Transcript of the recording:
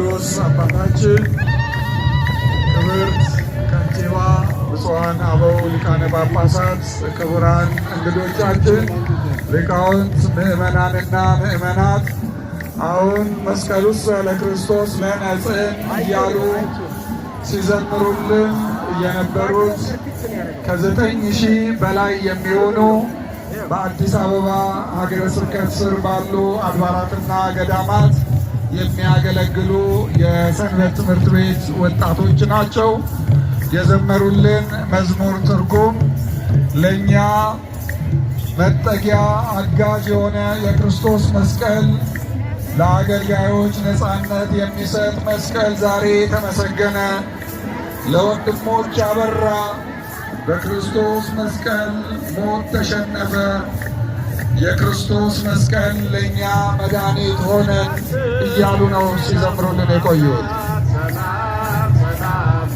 ቅዱስ አባታችን ክብርት ከንቲባ፣ ብፁዓን አበው ሊቃነ ጳጳሳት፣ ክቡራን እንግዶቻችን፣ ሊቃውንት፣ ምዕመናንና ምዕመናት አሁን መስቀሉ ለክርስቶስ ለነጽን እያሉ ሲዘምሩልን የነበሩት ከዘጠኝ ሺህ በላይ የሚሆኑ በአዲስ አበባ ሀገረ ስብከት ስር ባሉ አድባራትና ገዳማት የሚያገለግሉ የሰንበት ትምህርት ቤት ወጣቶች ናቸው። የዘመሩልን መዝሙር ትርጉም ለእኛ መጠጊያ አጋዥ የሆነ የክርስቶስ መስቀል ለአገልጋዮች ነፃነት የሚሰጥ መስቀል ዛሬ ተመሰገነ፣ ለወንድሞች አበራ። በክርስቶስ መስቀል ሞት ተሸነፈ። የክርስቶስ መስቀል ለእኛ መድኃኒት ሆነን እያሉ ነው ሲዘምሩልን የቆዩት።